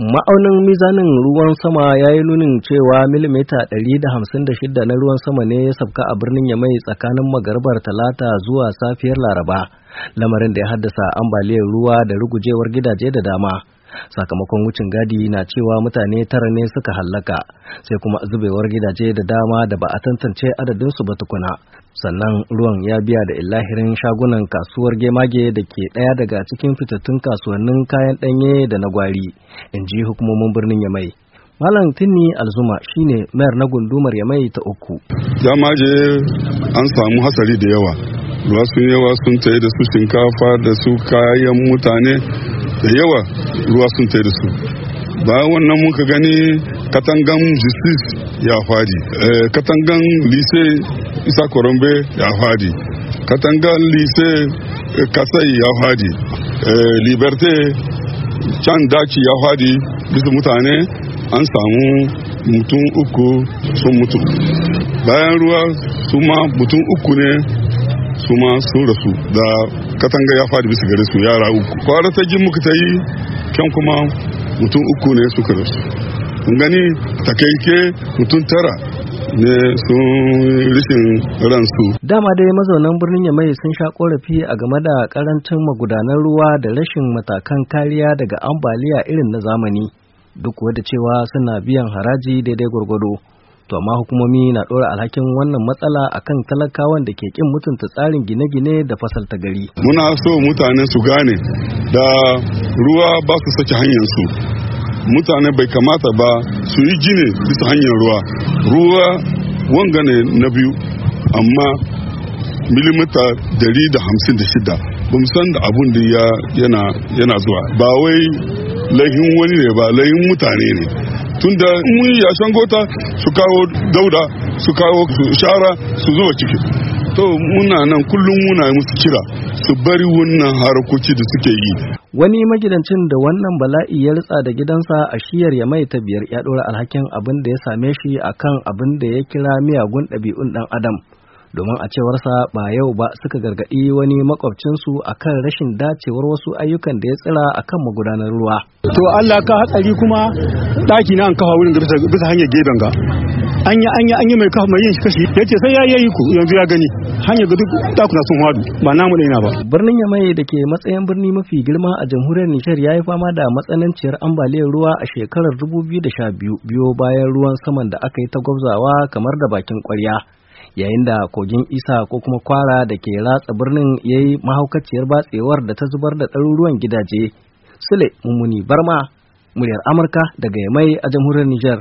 ma'aunin mizanin ruwan sama ya yi nunin cewa milimita 156 na ruwan sama ne ya sabka a birnin yamai tsakanin magarbar talata zuwa safiyar laraba lamarin da ya haddasa ambaliyar ruwa da rugujewar gidaje da dama sakamakon wucin gadi na cewa mutane tara ne suka hallaka sai kuma zubewar gidaje da dama da ba a tantance adadinsu ba tukuna sannan ruwan ya biya da illahirin shagunan kasuwar gemage da ke ɗaya daga cikin fitattun kasuwannin kayan ɗanye da na gwari in ji hukumomin birnin yamai malam tinni alzuma shine mayar na gundumar yamai ta uku jamaje an samu hasari da yawa ruwa sun yawa sun tsaye da su shinkafa da su kayan mutane da yawa ruwa sun tsaye da su bayan wannan muka gani katangan justice ya fadi eh, katangan lise isa korombe ya fadi katangan lise eh, kasai ya fadi eh, liberté can daci ya fadi bisa mutane an samu mutum uku sun mutu bayan ruwa su ma mutum uku ne su ma sun rasu da katanga ya fadi bisa gare su yara uku kwara ta jin muka ta yi kyan kuma mutum uku ne suka rasu gani takaike mutum tara ne sun rishin ransu. Dama dai mazaunan birnin Yamai sun sha korafi a game da karancin magudanan ruwa da rashin matakan kariya daga ambaliya irin na zamani. Duk wadda cewa suna biyan haraji daidai gwargwado. To amma hukumomi na ɗora alhakin wannan matsala akan talakawan da ke ƙin mutunta tsarin gine-gine da fasalta gari. Muna so mutane su gane da ruwa ba su sake hanyarsu. Mutane bai kamata ba su yi gine bisa hanyar ruwa ruwa wanga ne na biyu amma milimita 156 ba mu san da abun da yana zuwa ba wai laihin wani ne ba laihin mutane ne tunda mun yi yasan gota su kawo dauda su kawo shara su zuba ciki to muna nan kullum muna musu kira su bari wannan harkoki da suke yi wani magidancin da wannan bala'i ya ritsa da gidansa a shiyar ya mai ta biyar ya dora alhakin abin da ya same shi a kan abin da ya kira miyagun ɗabi'un ɗan adam domin a cewarsa ba yau ba suka gargaɗi wani makwabcinsu a kan rashin dacewar wasu ayyukan da ya tsira a kan magudanar ruwa. to allah ka hatsari kuma ɗaki na an kafa wurin bisa hanyar gefen ga an yi an mai kafa mai yin shi kashi yace sai ya yi ku yanzu ya gani hanyar ga duk dakuna sun hadu ba namu ne ba birnin Yamai da ke matsayin birni mafi girma a jamhuriyar Nijar ya yi fama da matsananciyar ambaliyar ruwa a shekarar 2012 biyo bayan ruwan saman da aka yi ta gwabzawa kamar da bakin kwarya yayin da kogin isa ko kuma kwara da ke ratsa birnin ya yi mahaukaciyar batsewar da ta zubar da ɗaruruwan gidaje sule mummuni barma muryar amurka daga Yamai a jamhuriyar Nijar.